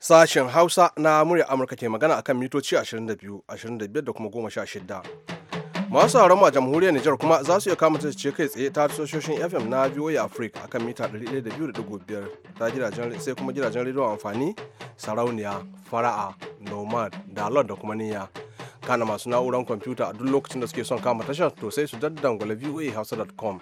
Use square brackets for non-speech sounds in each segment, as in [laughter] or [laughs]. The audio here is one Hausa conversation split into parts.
Sashen Hausa na murya Amurka ke magana akan mitoci 22, 25 da kuma 16. Masu sauran a jamhuriyar Nijar kuma za su iya kama ce kai tsaye ta tashoshin FM na VOA Africa akan mita 102.5 ta gidajen sai kuma gidajen rediyon amfani sarauniya, fara'a, nomad, dalon da kuma niyya. kana masu na'urar kwamfuta a duk lokacin da suke son kama tashar to sai su daddangula voahausa.com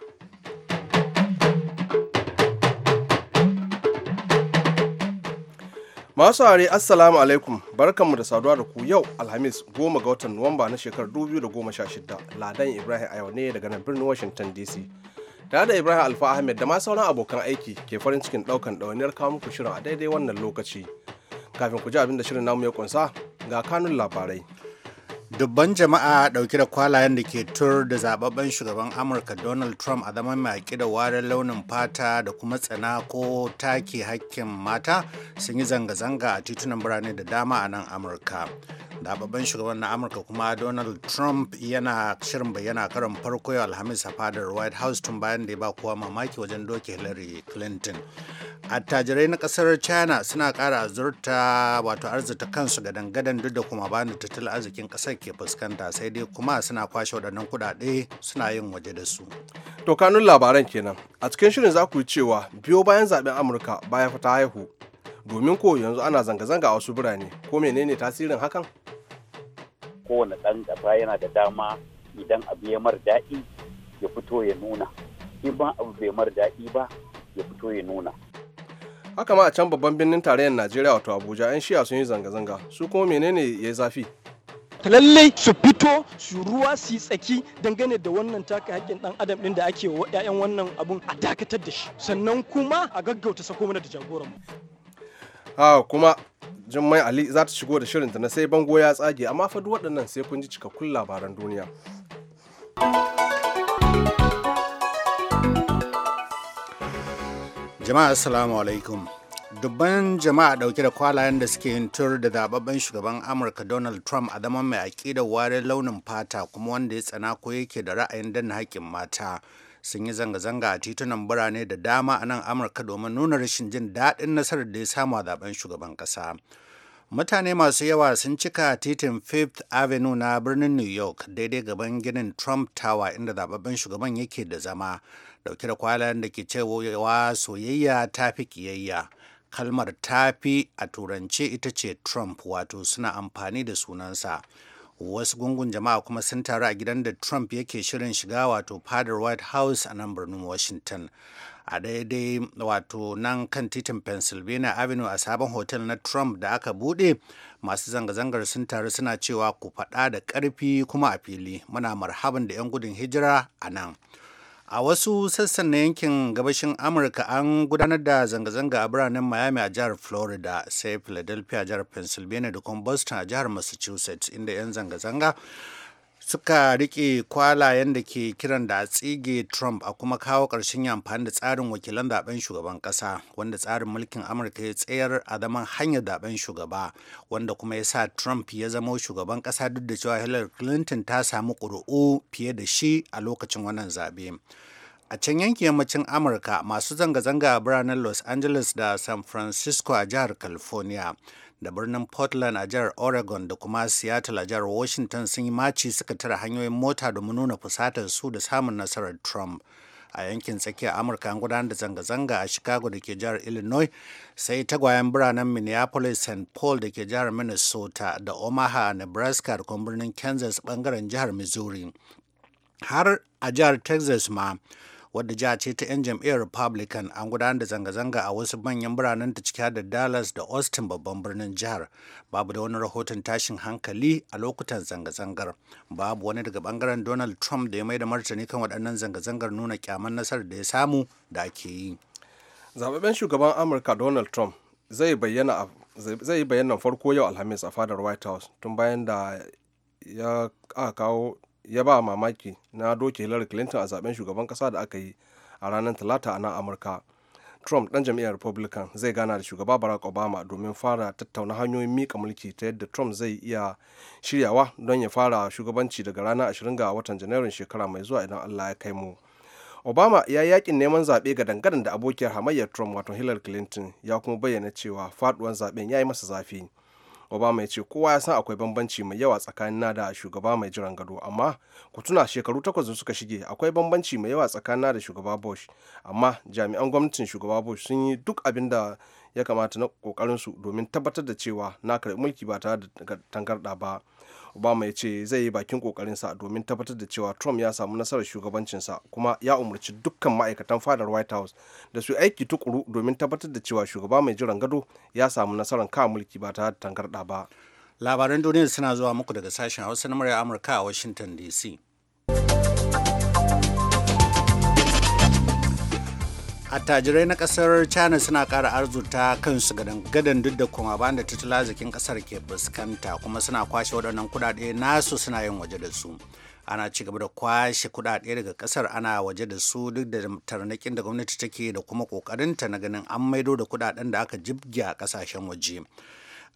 masu are assalamu alaikum barkanmu da saduwa da ku yau alhamis goma ga watan nuwamba na shekarar 2016 ladan ibrahim a yau ne daga nan birnin washington dc da da ibrahim alfa ahmed da ma sauran abokan aiki ke farin cikin daukan ɗawainiyar kawo muku shirin a daidai wannan lokaci kafin ku ji abin da shirin namu ya kunsa ga kanun labarai dubban jama'a dauke da kwalayen da ke tur da zababben shugaban amurka donald trump a zaman mai da warin launin fata da kuma tsana ko take hakkin mata sun yi zanga-zanga a titunan birane da dama a nan amurka zababben shugaban na amurka kuma donald trump yana shirin bayyana karon farko yau alhamis a fadar white house tun bayan da ya ba kowa mamaki wajen doke hillary clinton attajirai na kasar china suna kara azurta wato arzita kansu ga dangadan duk da kuma bani tattalin arzikin kasar ke fuskanta sai dai kuma suna kwashe waɗannan kuɗaɗe suna yin waje da su to kanun labaran kenan a cikin shirin za ku yi cewa biyo bayan zaben amurka baya fita haihu domin ko yanzu ana zanga-zanga a wasu birane ko menene tasirin hakan kowane ɗan gaba yana da dama idan abu ya mar daɗi ya fito ya nuna in ba abu bai mar daɗi ba ya fito ya nuna haka ma a can babban birnin tarayyar najeriya wato abuja 'yan shiya sun yi zanga-zanga su kuma menene ya yi zafi lallai su fito su ruwa su yi tsaki dangane da wannan taka hakkin ɗan adam ɗin da ake wa 'ya'yan wannan abun a dakatar da shi sannan kuma a gaggauta sako mana da jagoran ha kuma jummai ali za ta shigo da shirinta na sai bango ya tsage amma fa duk waɗannan sai kun ji cikakkun labaran duniya jama'a assalamu alaikum dubban jama'a dauke da kwalayen da suke yin tur da zababben shugaban amurka donald trump a zaman mai aƙidar warin launin fata kuma wanda ya tsana ko yake da ra'ayin danna haƙƙin mata sun yi zanga-zanga a titunan birane da dama a nan amurka domin nuna rashin jin daɗin nasarar da ya samu a zaben shugaban ƙasa mutane masu yawa sun cika titin fifth avenue na birnin new york daidai gaban ginin trump tower inda zababben shugaban yake da zama dauke da kwalan da ke cewa soyayya ta fi kiyayya kalmar ta fi a turance ita ce trump wato suna amfani da sunansa wasu gungun jama'a kuma sun taru a gidan da trump yake shirin shiga wato fadar white house a nan birnin washington a daidai wato nan kan titin pennsylvania avenue a sabon hotel na trump da aka bude masu zanga-zangar sun taru suna cewa ku faɗa da ƙarfi kuma a fili muna marhaban da 'yan gudun hijira a nan a wasu sassan na yankin gabashin amurka an gudanar da zanga-zanga a biranen miami a jihar florida sai philadelphia jihar pennsylvania da kuma boston a jihar massachusetts inda 'yan zanga-zanga suka rike kwalayen da ke kiran da a tsige trump a kuma kawo ƙarshen amfani da tsarin wakilan zaben shugaban ƙasa wanda tsarin mulkin amurka ya tsayar a zaman hanyar zaben shugaba wanda kuma ya sa trump ya zama shugaban ƙasa duk da cewa hillary clinton ta samu ƙuri'u fiye da shi a lokacin wannan zabe. A can yankin yammacin Amurka masu zanga-zanga a biranen Los Angeles da San Francisco a jihar California da birnin Portland a jihar Oregon da kuma Seattle a jihar Washington sun yi maci suka tara hanyoyin mota domin nuna fusatar su da samun nasarar Trump. a yankin tsakiyar amurka an gudanar da zanga-zanga a chicago da ke jihar illinois sai tagwayen biranen minneapolis st paul da ke jihar minnesota da omaha nebraska da kuma birnin kansas bangaren jihar missouri har a jihar texas ma wadda jiha ce ta 'yan jam'iyyar republican an gudanar da zanga-zanga a wasu manyan biranen ta ciki da dallas da austin babban birnin jihar babu da wani rahoton tashin hankali a lokutan zanga-zangar babu wani daga bangaren donald trump da ya mai da martani kan waɗannan zanga-zangar nuna kyaman nasarar da ya samu da ake yi zababben shugaban amurka donald trump zai bayyana zai yi bayanan farko yau alhamis a fadar white house tun bayan da ya kawo ya ba mamaki na doke hillary clinton a zaben shugaban kasa da aka yi a ranar talata a nan amurka trump dan jam'iyyar republican zai gana da shugaba barack obama domin fara tattauna hanyoyin mika mulki ta yadda trump zai iya shiryawa don ya fara shugabanci daga ranar 20 ga watan janairun shekara mai zuwa idan allah ya kai mu obama ya yakin neman zaɓe ga dangadan da abokiyar hamayyar trump wato hillary clinton ya kuma bayyana cewa faduwan zaɓen ya yi masa zafi obama ya ce kowa ya san akwai bambanci mai yawa tsakanin na da shugaba mai jiran gado amma ku tuna shekaru takwas da suka shige akwai bambanci mai yawa tsakanin na da shugaba bush amma jami'an gwamnatin shugaba bush sun yi duk abin da ya kamata na kokarin su domin tabbatar da cewa na karɓi mulki ba tare da tangarɗa ba obama ya ce zai yi bakin sa domin tabbatar da cewa trump ya samu nasarar shugabancinsa kuma ya umarci dukkan ma'aikatan fadar white house da su aiki tukuru domin tabbatar da cewa shugaba mai jiran gado ya samu nasarar ka mulki ba ta da tangarɗa ba labaran duniya suna zuwa muku daga sashen hausa na murya amurka a washington dc attajirai na kasar china suna kara arzuta kansu gadan duk da kuma ba da tattalin arzikin kasar ke fuskanta kuma suna kwashe waɗannan kuɗaɗe nasu suna yin waje da su ana ci gaba da kwashe kuɗaɗe daga kasar ana waje da su duk da tarnakin da gwamnati take da kuma ƙoƙarinta na ganin an maido da kuɗaɗen da aka jibge a ƙasashen waje.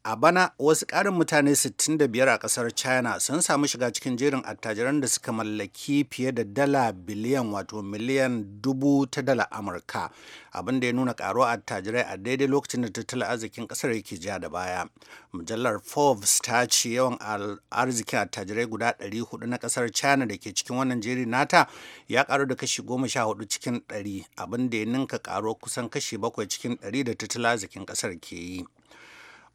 a bana wasu ƙarin mutane 65 a ƙasar china sun samu shiga cikin jerin attajiran da suka mallaki fiye da dala biliyan wato miliyan dubu ta dala amurka abin da ya nuna ƙaruwa attajirai a daidai lokacin da tattalin arzikin ƙasar yake ja da baya mujallar forbes ta ce yawan arzikin attajirai guda 400 na ƙasar china da ke cikin wannan jeri nata ya ƙaru da kashi 14 cikin 100 abin da ya ninka ƙaruwa kusan kashi 7 cikin 100 da tattalin arzikin kasar ke yi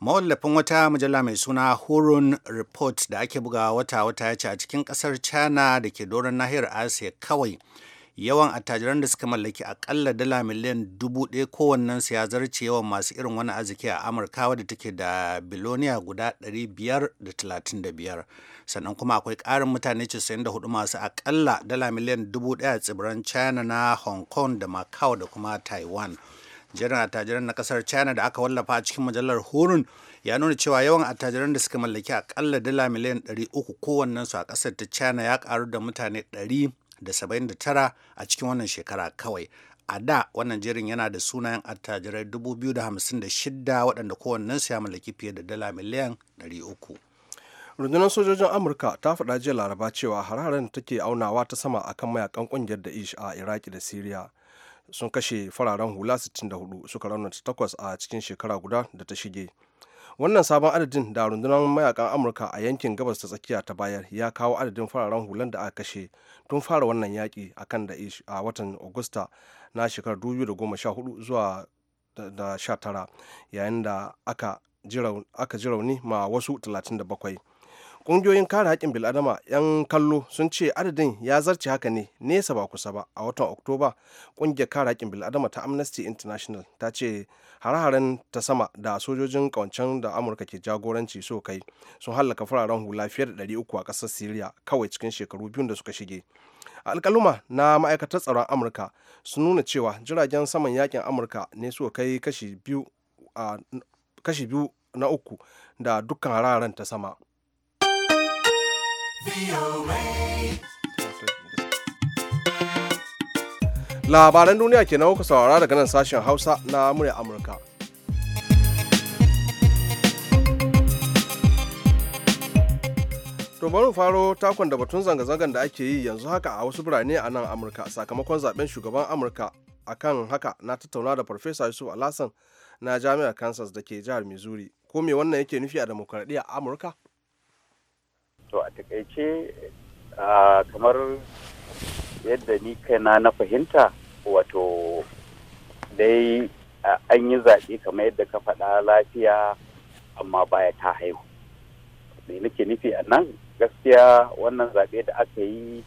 mawallafin wata mujalla mai suna hurun report da ake buga wata-wata ya ce a cikin kasar china da ke doron nahiyar asiya kawai yawan attajiran da suka mallaki akalla dala miliyan dubu ɗaya kowannen su ya zarce yawan masu irin wani arziki a amurka wadda take da biloniya guda 535 sannan kuma akwai ƙarin mutane 94 masu akalla dala miliyan dubu ɗaya tsibiran china na hong kong da macau da kuma taiwan jerin attajiran na kasar china da aka wallafa a cikin mujallar hurun ya nuna cewa yawan attajiran da suka mallaki akalla dala miliyan 300 kowannensu a kasar ta china ya karu da mutane 179 a cikin wannan shekara kawai a da wannan jirin yana da sunayen attajirai 2,056 waɗanda kowannensu ya mallaki fiye da dala miliyan 300 rundunar sojojin amurka ta faɗa jiya laraba cewa hararen take aunawa ta sama akan mayakan ƙungiyar da ish a iraki da siriya sun kashe fararen hula 64 suka raunata takwas a cikin shekara guda da ta shige wannan sabon adadin da rundunar mayakan amurka a yankin gabas ta tsakiya ta bayar ya kawo adadin fararen hulan da aka kashe tun fara wannan yaƙi a kan da a watan agusta na shekarar 2014 zuwa da 19 yayin da aka ji rauni ma wasu 37 ƙungiyoyin kare haƙƙin bil'adama 'yan kallo sun ce adadin ya zarce haka ne nesa ba kusa ba a watan oktoba ƙungiyar kare haƙƙin bil'adama ta amnesty international ta ce hare ta sama da sojojin kawancen da amurka ke jagoranci so kai sun hallaka fararen hula fiye da 300 a ƙasar syria kawai cikin shekaru biyun da suka shige alkaluma na ma'aikatar tsaron amurka sun nuna cewa jiragen saman yakin amurka ne suka kai kashi biyu na uku da dukkan hararen ta sama labaran duniya ke kuka saurara daga nan sashen hausa na murya amurka to bari faro takon da batun zanga-zangar da ake yi yanzu haka a wasu birane a nan amurka sakamakon zaben shugaban amurka akan haka na tattauna da farfesa yusuf alhassan na jami'ar kansas da ke jihar missouri ko me wannan yake nufi a demokradiyyar amurka to a takaice kamar yadda ni kaina na fahimta wato dai an yi zaɓe kamar yadda ka faɗa lafiya amma baya ta haihu me nake nufi a nan gaskiya wannan zaɓe da aka yi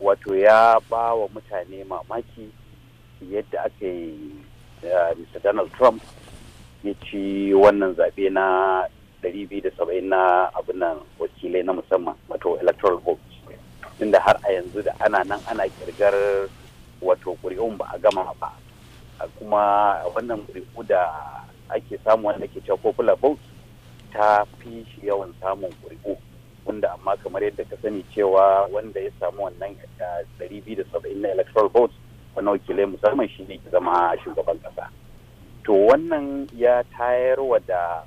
wato ya ba wa mutane mamaki yadda aka yi mr donald trump ya ci wannan zaɓe na 270 na abin nan wakilai na musamman wato electoral vote inda har a yanzu da ana nan ana kirgar wato ƙuri'un ba a gama ba kuma wannan ƙuri'u da ake samu wanda ke cewa popular vote ta fi shi yawan samun kuri'u. wanda amma kamar yadda ka sani cewa wanda ya samu wannan 270 na electoral vote wani wakilai musamman shi ne zama shugaban ƙasa to wannan ya tayarwa da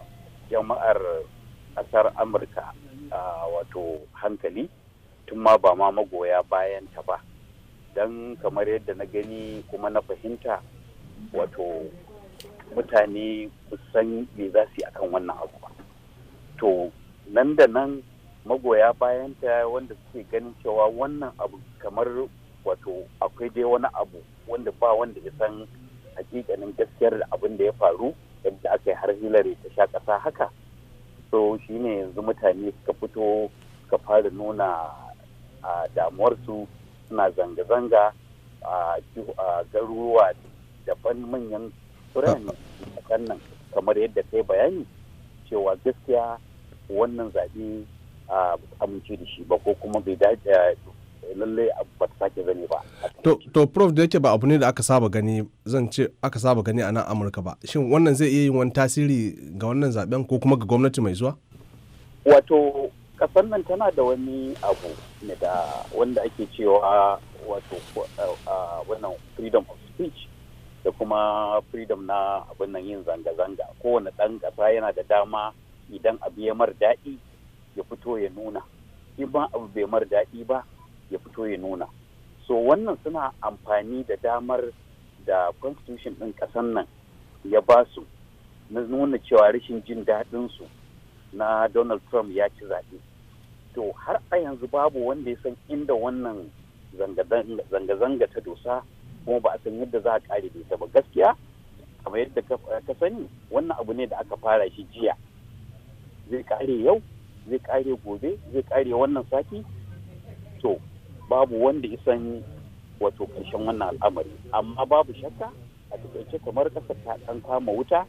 jama'ar ƙasar amurka a wato hankali tun ma ba ma magoya bayan ta ba don kamar yadda na gani kuma na fahimta wato mutane kusan me za su yi akan wannan abu ba to nan da nan magoya bayanta wanda suke ganin cewa wannan abu kamar wato akwai dai wani abu wanda ba wanda ya san hakikanin gaskiyar abin da ya faru yadda aka yi har hillary ta sha ƙasa haka so shine yanzu mutane suka fito suka fara nuna damuwarsu suna zanga-zanga a garuruwa daban manyan birane a nan kamar yadda kai bayani cewa gaskiya wannan zaɓe a amince da shi ba ko kuma bai dace lallai ba ta sake gani ba to prof da yake ba abu ne da aka saba gani zan ce aka saba gani a nan amurka ba shin wannan zai iya yin wani tasiri ga wannan zaben ko kuma ga gwamnati mai zuwa wato kasar nan tana da wani abu da wanda ake cewa wato wannan freedom of speech da kuma freedom na abin nan yin zanga-zanga kowane ɗan ƙasa yana da dama idan abu ya mar daɗi ya fito ya nuna in ba abu bai mar daɗi ba ya fito ya nuna so wannan suna amfani da damar da constitution ɗin ƙasar nan ya ba su na nuna cewa rashin jin daɗinsu na donald trump ya ci zaɓe to har a yanzu babu wanda ya san inda wannan zanga-zanga ta dosa kuma ba a san yadda za a ƙare da ba gaskiya kamar yadda ka sani wannan abu ne da aka fara shi jiya zai ƙare yau zai ƙare gobe zai ƙare wannan sati to babu wanda ya san wato karshen wannan al'amari amma babu shakka a takaice kamar kasa ta dan kama wuta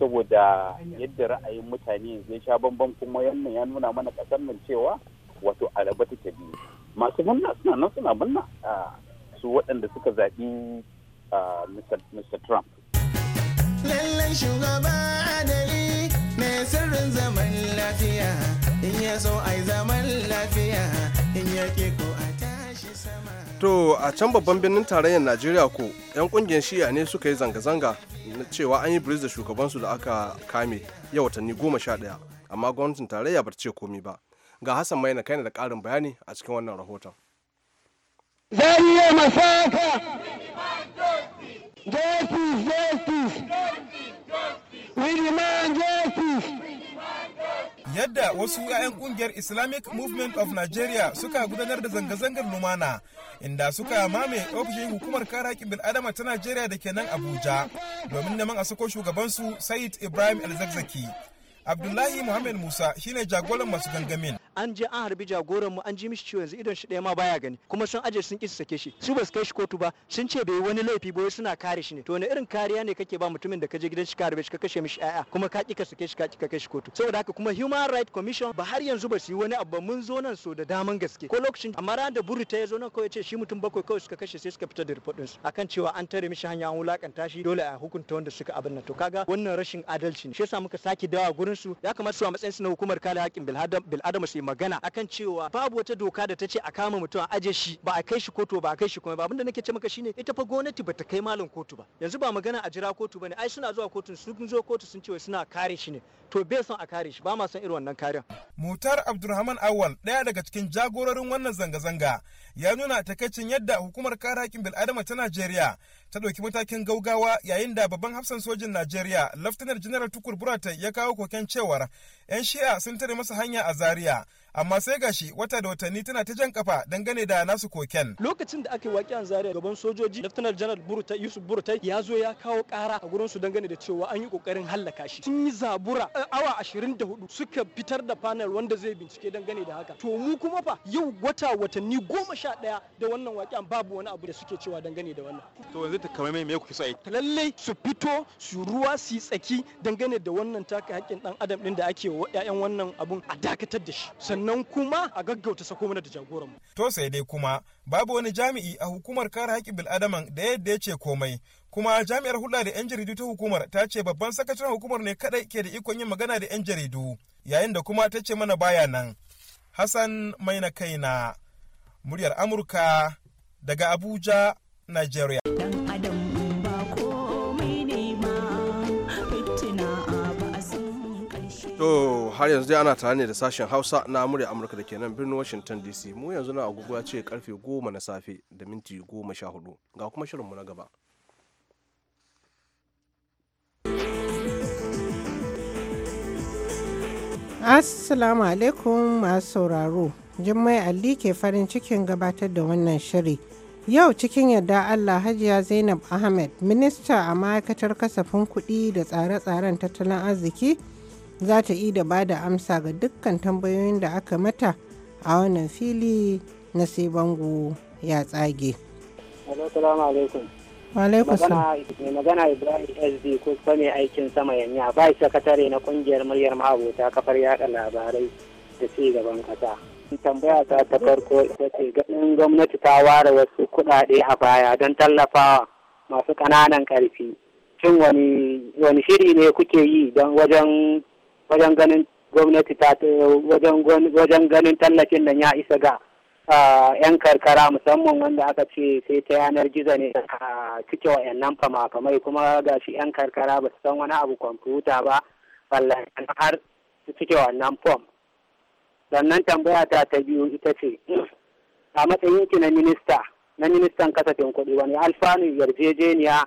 saboda yadda ra'ayin mutane yanzu ya sha bambam kuma yamma ya nuna mana kasar nan cewa wato alaba take biyu masu murna suna nan suna murna su waɗanda suka zaɓi Mr. Trump. Lallai shugaba adali mai sirrin zaman lafiya in ya so ai zaman lafiya. to a can babban birnin tarayyar najeriya ko 'yan kungiyar shiya ne suka yi zanga-zanga na cewa an yi biris da shugabansu da aka kame yau watanni goma sha ɗaya amma gwamnatin tarayya ba ta ce komi ba ga hassan maina kai da ƙarin bayani a cikin wannan rahoton Zariya masaka! Justice, justice! We yadda wasu 'ya'yan ƙungiyar islamic movement of nigeria suka gudanar da zanga-zangar lumana inda suka mame ofishin hukumar kare haƙƙin bil'adama ta nigeria da ke nan abuja domin neman a sako shugabansu sayid ibrahim alzakzaki abdullahi muhammad musa shine jagoran masu gangamin an je an harbi jagoran mu an ji mishi ciwo yanzu idon shi ɗaya ma baya gani kuma sun aje sun isa sake shi su basu kai shi kotu ba sun ce bai wani laifi ba suna kare shi ne to wani irin kariya ne kake ba mutumin da ka je gidan shi ka harbe shi ka kashe mishi ƴaƴa kuma ka ki ka sake shi ka ƙi ka kai shi kotu saboda haka kuma human right commission ba har yanzu ba su yi wani abu ba mun zo nan so da daman gaske ko lokacin amma ran da burita ya zo nan kawai ce shi mutum bakwai kawai suka kashe sai suka fitar da report ɗinsu akan cewa an tare mishi hanya an wulakanta shi dole a hukunta wanda suka abin nan to kaga wannan rashin adalci ne shi yasa muka sake dawa gurin su ya kamata su a matsayin su na hukumar kare haƙƙin bil'adama su magana akan cewa babu wata doka da ta ce a kama mutum a aje shi ba a kai shi kotu ba a kai shi kuma ba abinda nake ce maka shine ita fa gwamnati bata kai malam kotu ba yanzu ba magana a jira kotu bane ai suna zuwa kotu sun zo kotu sun ce wai suna kare shi ne to bai son a kare shi ba ma son irin wannan kariyar. Mutar Abdulrahman Awal daya daga cikin jagororin wannan zanga-zanga ya nuna takaicin yadda hukumar kare haƙƙin bil'adama ta Najeriya ta ɗauki matakin gaugawa yayin da babban hafsan sojin Najeriya Laftanar Janar Tukur Buratai ya kawo koken cewar 'yan shi'a sun tare masa hanya a Zaria amma sai gashi wata da watanni tana ta jan kafa dangane da nasu koken lokacin da aka yi an zaria gaban sojoji laftanar janar burta yusuf burtai ya zo ya kawo kara a gurin su dangane da cewa an yi kokarin hallaka shi sun yi zabura awa 24 suka fitar da panel wanda zai bincike dangane da haka to mu kuma fa yau wata watanni goma sha daya da wannan waƙiyan babu wani abu da suke cewa dangane da wannan to yanzu ta kamar me kuke so a yi lallai su fito su ruwa su yi tsaki dangane da wannan taka hakkin ɗan adam din da ake wa 'ya'yan wannan abun a dakatar da shi sannan sannan kuma a gaggauta sako mana da jagoran mu to sai dai kuma babu wani jami'i a hukumar kare haƙƙin bil'adaman da yadda ya ce komai kuma jami'ar hulɗa da 'yan jaridu ta hukumar ta ce babban sakataren hukumar ne kadai ke da ikon yin magana da 'yan jaridu yayin da kuma ta ce mana baya nan hassan mai na kaina muryar amurka daga abuja nigeria dan adam To har yanzu dai ana tare ne da sashen Hausa na murya Amurka da ke nan birnin Washington DC. Mu yanzu na agogo ya ce karfe goma na safe da minti goma sha hudu. Ga kuma shirinmu na gaba. Assalamu alaikum masu sauraro. Jummai Ali ke farin cikin gabatar da wannan shiri. Yau cikin yadda Allah Hajiya Zainab Ahmed, minista a ma'aikatar kasafin kuɗi da tsare-tsaren tattalin arziki, za ta iya ba da amsa ga dukkan tambayoyin da aka mata a wannan fili na sai bango ya tsage. magana ibrahim sd ko mai aikin sama yanya ba sakatare na kungiyar muryar ma'abota kafar yada labarai da ci gaban kasa tambaya ta ta farko ita ce ganin gwamnati ta ware wasu kuɗaɗe a baya don tallafawa masu ƙananan ƙarfi cin wani shiri ne kuke yi don wajen wajen ganin gwamnati ta wajen ganin tallafin nan ya isa ga yan karkara musamman wanda aka ce sai ta yanar gizo ne a cike wa'annan fama-famai kuma ga shi yan karkara ba su san wani abu kwamfuta ba wallahi har su cike wannan fom sannan tambaya ta ta biyu ita ce a matsayin ki na minista na ministan kasafin kuɗi wani alfanu yarjejeniya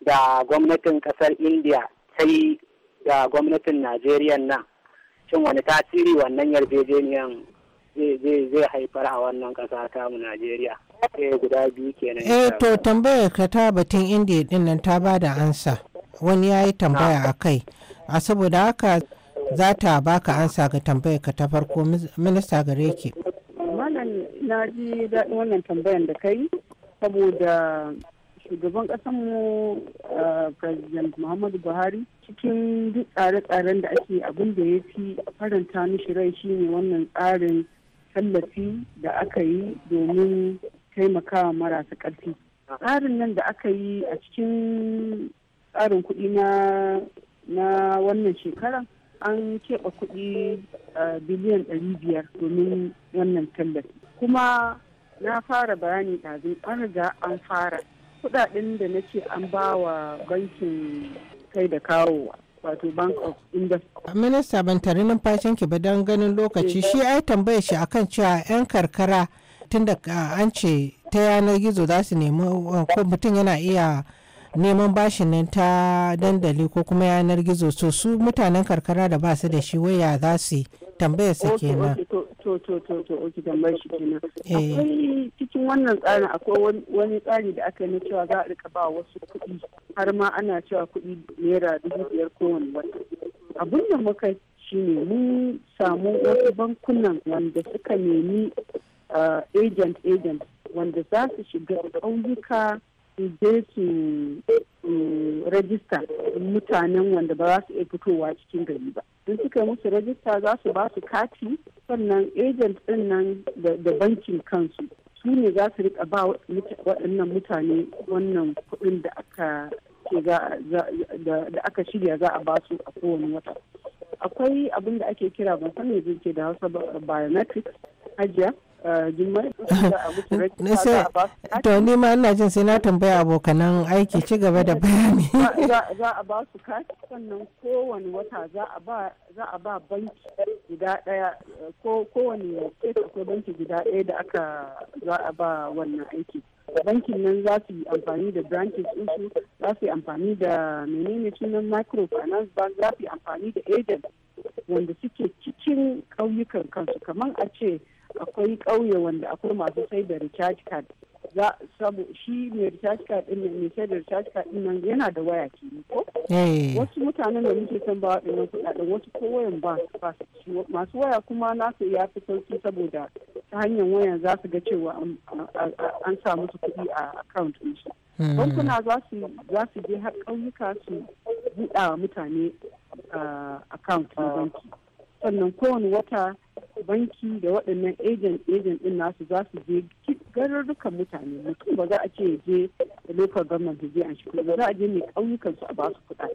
da gwamnatin ƙasar india ta yi ga gwamnatin najeriya nan cin wani tasiri wannan yarjejeniyan zai haifar a wannan kasa mu najeriya eh, guda biyu kenan eh to tambayar ka ta batun indiya din nan ta ba da ansa wani ya yi tambaya a kai a saboda haka za ta baka ansa ga tambayar ka ta farko minista gare ki malam na ji daɗin wannan tambayan da kai saboda shugaban mu eh, president muhammadu buhari cikin duk tsare-tsaren da ake abin da ya fi faranta mishi rai shine wannan tsarin tallafi da aka yi domin taimakawa marasa ƙarfi tsarin nan da aka yi a cikin tsarin kuɗi na wannan shekara an keɓe kuɗi eh, biliyan ɗari biyar domin wannan tallafi kuma na fara bayani ɗazin an riga an fara kudaden da na ce an ba wa bankin kai da kawo wato bank of industry minista ban tare numfashin ki ba don ganin lokaci eh, shi a eh. ai tambaye shi akan cewa yan karkara tunda ah, an ce ta yanar gizo za su nemi ah, ko mutum yana iya neman bashin nan ta dandali ko kuma yanar gizo so su mutanen karkara da ba su da shi waya za su tambayar sa kenan to to to to to tambayar shi kenan eh. akwai cikin wannan tsarin akwai wani tsari da aka yi na cewa za a rika ba wasu kuɗi har ma ana cewa kuɗi naira dubu biyar kowane wata abin da muka ne mun samu wasu bankunan wanda suka nemi ah, agent agent wanda za su shiga ƙauyuka su je su rajista mutanen wanda ba za su iya fitowa cikin gari ba in suka musu rajista za su ba su kati sannan agent din nan da bankin kansu su ne za su rika ba waɗannan mutane wannan kuɗin da aka da aka shirya za a ba su a kowane wata akwai abin da ake kira ban sani zuke da hausa biometrics hajiya [laughs] to ni ma ina jin sai na tambaya abokanan aiki ci gaba da bayani [laughs] za a ba su kati sannan kowane wata za a ba banki gida daya kowane state ko banki gida daya da aka za a ba wannan aiki bankin nan za su yi amfani da branches su za su yi amfani da menene sunan microfinance bank za su yi amfani da agent wanda suke cikin ƙauyukan kansu kamar a ce akwai ƙauye wanda akwai masu sai da recharge card za sabu shi mai recharge card din nan sai da recharge card din yana da waya ke ko eh. wasu mutanen da muke son ba waɗannan kuɗaɗen wasu ko wayan ba masu waya kuma nasu ya fi sauki saboda ta hanyar waya za su ga cewa an sa musu kuɗi a account din su hmm. bankuna za su je har ƙauyuka su buɗa mutane ah, account na banki sannan kowane wata banki da waɗannan ejen agent din nasu za su je garurrukan mutane mutum ba za a ce je da local government je an shigo ba za a je ne ƙauyukan su a ba su kuɗa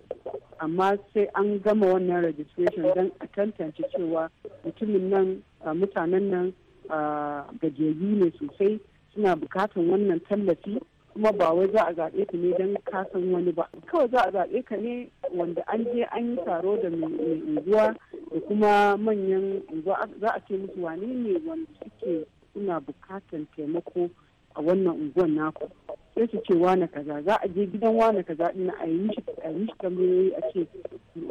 amma sai an gama wannan registration don a tantance cewa mutumin nan mutanen nan gajiyayyu ne sosai suna bukatan wannan tallafi kuma ba wai za a zaɓe ka ne don kasan wani ba kawai za a zaɓe ka ne wanda an je an yi taro da mai unguwa da kuma manyan unguwa za a ce musu wane ne wanda suke suna bukatan taimako a wannan unguwan naku sai su ce wane kaza za a je gidan wane kaza ɗin a yi shi a yi shi tambayoyi a ce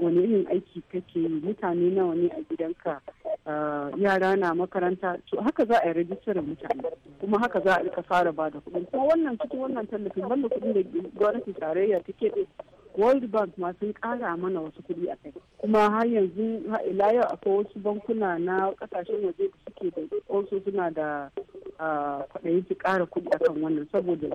wani irin aiki kake yi mutane nawa ne a gidanka ah, yara na makaranta to haka za a yi rajistar mutane kuma haka za a rika fara bada da kuɗi kuma wannan cikin wannan tallafin banda kuɗin da gwamnati tarayya take world bank ma sun kara mana wasu kuɗi a kai kuma har yanzu ila yau akwai wasu bankuna na kasashen waje da suke da also suna da kwaɗayi su kara kuɗi a kan wannan saboda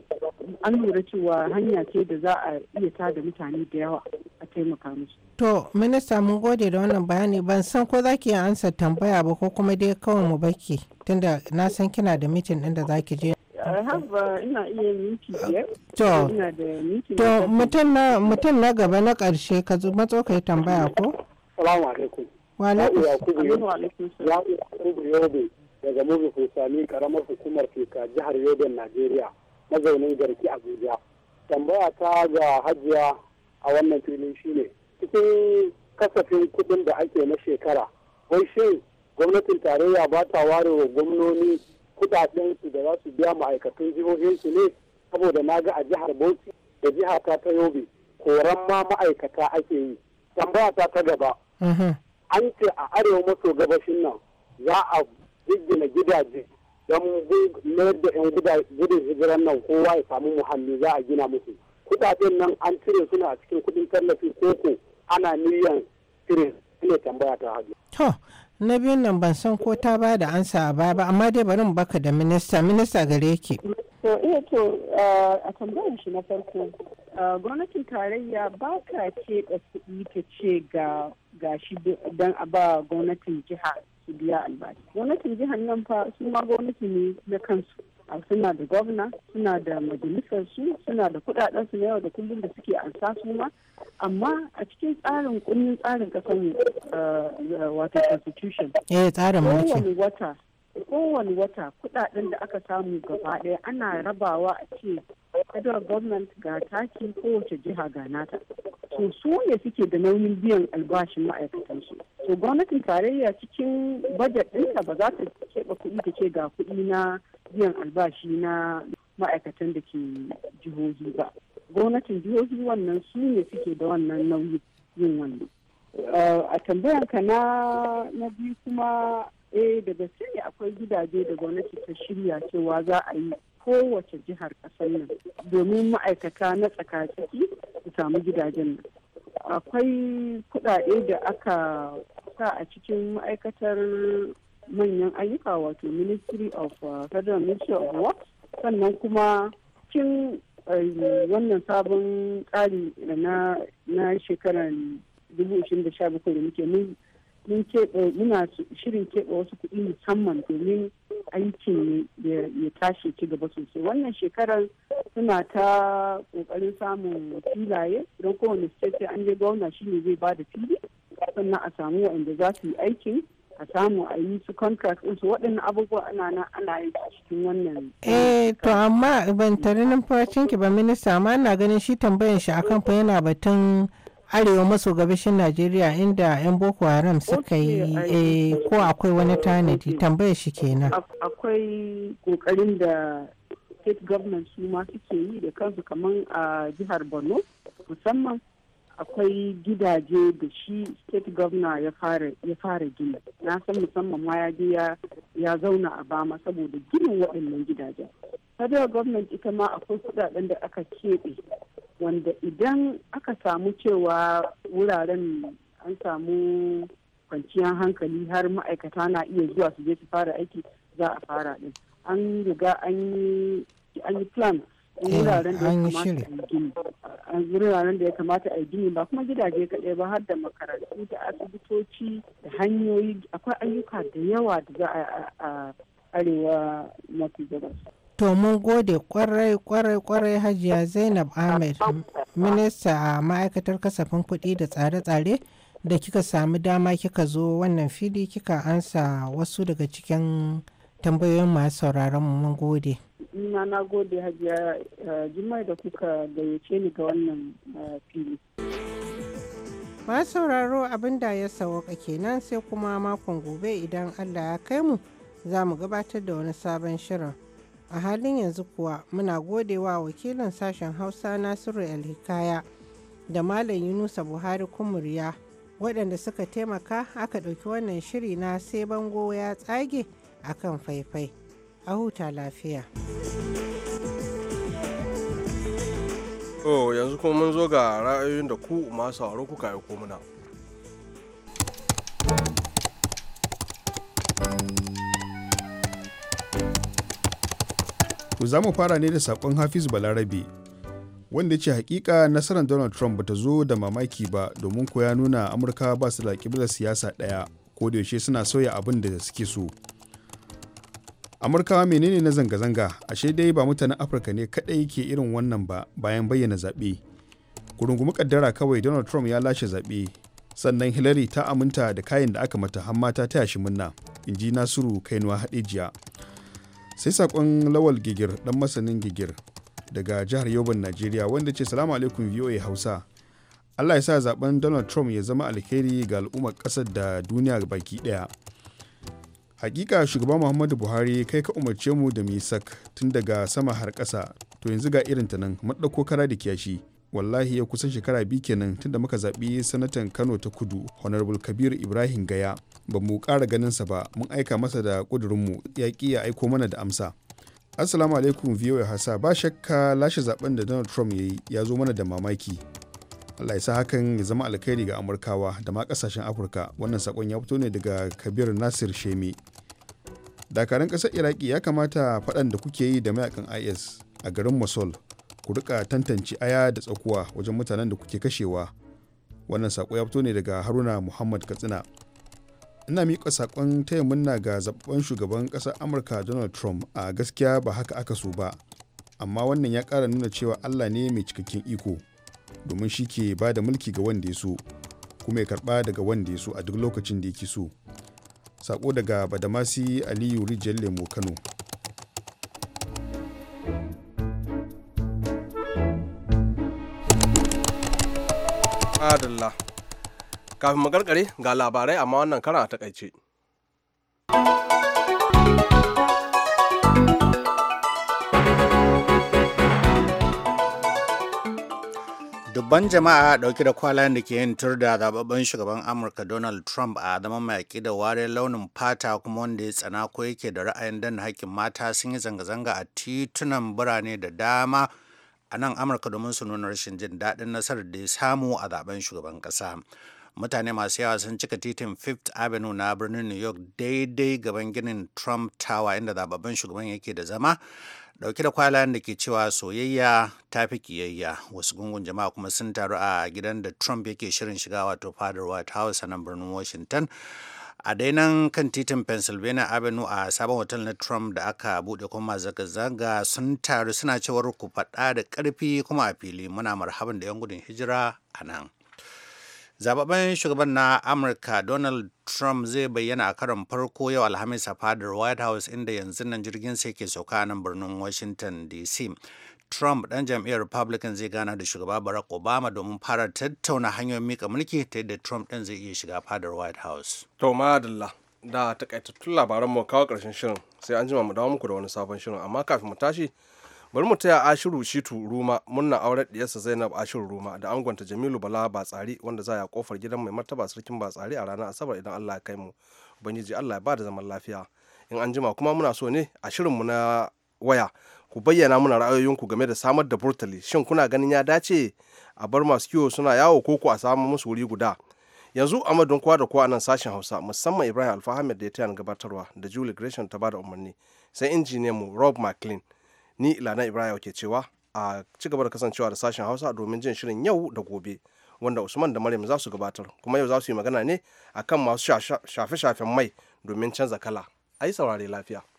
an lura cewa hanya ce da za a iya da mutane da yawa a taimaka musu. to minista mun gode da wannan bayani ban san ko za ki ansa tambaya ba ko kuma dai kawai mu baki tunda na san kina da mitin ɗin da za ki je Eh, ina iya minti ah, biyar. To, to mutum na gaba na ƙarshe ka matso ka yi tambaya ko? Salamu alaikum. Wa alaikum. Ya kubu yobe daga mubi sami karamar hukumar fika jihar yobe Najeriya mazaunin garki Abuja. Tambaya ta ga hajiya a wannan filin shine cikin kasafin kudin da ake na shekara. Wai shin gwamnatin tarayya ba ta ware wa gwamnoni kudaden su da za su biya ma'aikatan jihohin su ne saboda na ga a jihar Bauchi da jiha ta ta Yobe koran ma ma'aikata ake yi tambaya ta ta gaba mhm. an ce a arewa maso gabashin nan za a giggina gidaje don mayar da 'yan gudun hijiran nan kowa ya samu muhalli za a gina musu kudaden nan an cire suna a cikin kudin tallafi koko ana miliyan cire ne tambaya ta hajji. na biyun nan ban san ko ta ba da ansa a baya ba amma dai bari mu baka da minista minista gare ki to iya to a tambayar shi na farko gwamnatin tarayya ba ta ce da kuɗi ta ce ga shi don a ba gwamnatin jiha su biya albashi gwamnatin jihar nan fa su ma gwamnati ne na kansu suna da gwamna suna da majalisar su suna da kudaden su na yau da kullum da suke ansa su amma a cikin tsarin kunnin tsarin kasan eh, wata constitution eh tsarin mulki wata kowane wata kudaden da aka samu gaba daya ana rabawa a ce federal government ga taki kowace jiha ga nata to su ne suke da nauyin biyan albashin ma'aikatansu to gwamnatin tarayya cikin bajet ɗinta ba za ta keɓe kuɗi ta ce ga kuɗi na biyan albashi na ma'aikatan da ke jihohi ba gwamnatin jihohi wannan su ne suke da wannan nauyin yin wannan eh, a tambayanka na na biyu kuma eh da gaske akwai gidaje da gwamnati ta shirya cewa za a yi kowace jihar ƙasar nan domin ma'aikata na tsakaciki su samu gidajen nan akwai kuɗaɗe da aka sa a cikin ma'aikatar manyan ayyuka wato ministry of uh, federal ministry of works sannan kuma cikin eh, wannan sabon tsari na shekarar 2017 da muke mun mun keɓe muna shirin keɓe wasu kuɗi musamman domin aikin ya tashi ci gaba sosai wannan shekarar suna ta ƙoƙarin samun filaye don kowane state an je gwamna shi ne zai ba da fili sannan a samu waɗanda za su yi aikin a samu a yi su contract su waɗannan abubuwa ana na ana yi cikin wannan eh to amma ban tare numfashin ki ba minista amma ina ganin shi tambayan shi akan fa yana batun arewa maso gabashin najeriya inda 'yan boko haram suka yi eh, ko akwai wani tanadi tambayar shi kenan akwai kokarin da state government su ma suke yi da kansu kamar a jihar borno musamman akwai gidaje da shi state governor ya fara gini na san musamman ma ya je ya zauna a bama saboda ginin waɗannan gidajen federal government ita ma akwai kudaden da aka keɓe wanda idan aka samu cewa wuraren an samu kwanciyar hankali har ma'aikata na iya zuwa su je su fara aiki za a fara din an riga an yi plan wuraren da ya kamata a gini gini ba kuma gidaje kaɗai ba har da makarantu da asibitoci da hanyoyi akwai ayyuka da yawa da za a arewa mafi gabas To mun gode kwarai kwarai kwarai hajiya Zainab Ahmed minista a ma'aikatar kasafin kuɗi da tsare-tsare da kika sami dama kika zo wannan fili kika ansa wasu daga cikin tambayoyin masu sauraron mun gode. Na na gode hajiya eh, Jummai da kuka gayyace ni ga wannan eh, fili. Masu sauraro abin da ya sauka kenan sai kuma makon gobe idan Allah ya kai mu za mu gabatar da wani sabon shirin. a halin yanzu kuwa muna gode wa wakilin sashen hausa nasiru alhikaya da malam yunusa buhari kumurya waɗanda suka taimaka aka ɗauki wannan shiri na sai bango ya tsage akan faifai a huta lafiya oh yanzu kuma mun zo ga ra'ayoyin da ku masu haro kuka aiko muna ku za mu fara ne da sakon hafiz balarabe wanda ce hakika nasarar donald trump ta zo da mamaki ba domin ko ya nuna amurka ba su da kiblar siyasa ɗaya ko da yaushe suna sauya abin da suke so amurkawa menene na zanga-zanga ashe dai ba mutanen afirka ne kadai ke irin wannan ba bayan bayyana zaɓe rungumi kaddara kawai donald trump ya lashe zaɓe sannan hillary ta aminta da kayan da aka mata mata ta taya shi munna in ji nasiru kainuwa jiya. sai sakon lawal gigir dan masanin gigir daga jihar yoban najeriya wanda ce salamu alaikum voa hausa allah ya sa zaben donald trump ya zama alheri ga al'ummar kasar da duniya baki daya hakika shugaba muhammadu buhari kai ka umarce mu da misak tun daga sama har ƙasa to yanzu ga irin ta nan maɗauko kara da kiyashi wallahi ya kusan shekara biyu kenan tun da muka zaɓi sanatan kano ta kudu honorable kabir ibrahim gaya ba mu ganin sa ba mun aika masa da ƙudurinmu ya ƙi ya aiko mana da amsa assalamu alaikum voa hasa ba shakka lashe zaben da donald trump ya yi ya zo mana da mamaki allah ya sa hakan ya zama alkhairi ga amurkawa da ma kasashen afirka wannan sakon ya fito ne daga kabir nasir shemi dakarun ƙasar iraki ya kamata faɗan da kuke yi da mayakan is a garin mosul ku rika tantance aya da tsakuwa wajen mutanen da kuke kashewa wannan sako ya fito ne daga haruna muhammad katsina ina miƙa saƙon taya murna ga zaɓen shugaban ƙasar amurka donald trump a gaskiya ba haka aka so ba amma wannan ya ƙara nuna cewa allah ne mai cikakken iko domin shi ke ba da mulki ga wanda ya so kuma ya karɓa daga wanda ya so a duk lokacin da yake so saƙo daga badamasi aliyu rijiyar lemo kano kafin magargare ga labarai amma wannan karan ta takaice. dubban jama'a dauke da kwalayen da ke yin tur da zababben shugaban amurka donald trump a zaman mai da ware launin fata kuma wanda ya tsana ko yake da ra'ayin dan hakkin mata sun yi zanga-zanga a titunan birane da dama a nan amurka domin su nuna rashin jin daɗin nasarar da ya samu a zaben shugaban ƙasa. mutane masu yawa sun cika titin fifth avenue na birnin new york daidai gaban ginin trump tower inda zababben shugaban yake da zama dauke da kwalayen da ke cewa soyayya ta fi kiyayya wasu gungun jama'a kuma sun taru a gidan da trump yake shirin shiga wato fadar white house a nan birnin washington a dainan kan titin pennsylvania avenue a sabon hotel na trump da aka bude kuma zanga-zanga sun taru suna cewar ku faɗa da karfi kuma a fili muna marhaban da 'yan gudun hijira a nan zababben shugaban na amurka donald trump zai bayyana a karon farko yau alhamis a fadar white house inda yanzu nan jirgin sai ke sauka nan birnin washington dc Trump dan jam'iyyar Republican zai gana da shugaba Barack Obama domin fara tattauna hanyoyin mika mulki ta yadda Trump ɗin zai iya shiga fadar White House. To da takaitattun labaran mu kawo karshen shirin sai an jima mu dawo muku da wani sabon shirin amma kafin mu tashi bari mu taya ashiru shitu ruma muna auren diyarsa zainab ashiru ruma da angonta jamilu bala batsari wanda za a kofar gidan mai martaba sarkin batsari a ranar asabar idan allah ya kai mu ubangiji allah ya ba da zaman lafiya in an jima kuma muna so ne a shirin mu na waya ku bayyana muna ra'ayoyinku game da samar da burtali shin kuna ganin ya dace a bar masu kiwo suna yawo ko ku a samu musu wuri guda yanzu a madun kowa da kowa nan sashen hausa musamman ibrahim alfahamed da ya tayar gabatarwa da julie gresham ta bada umarni sai injiniyan mu rob mclean ni ilana ibrahim ke cewa a ci gaba da kasancewa da sashen hausa domin jin shirin yau da gobe wanda usman da maryam za su gabatar kuma yau za su yi magana ne akan masu shafe-shafen mai domin canza kala ai saurare lafiya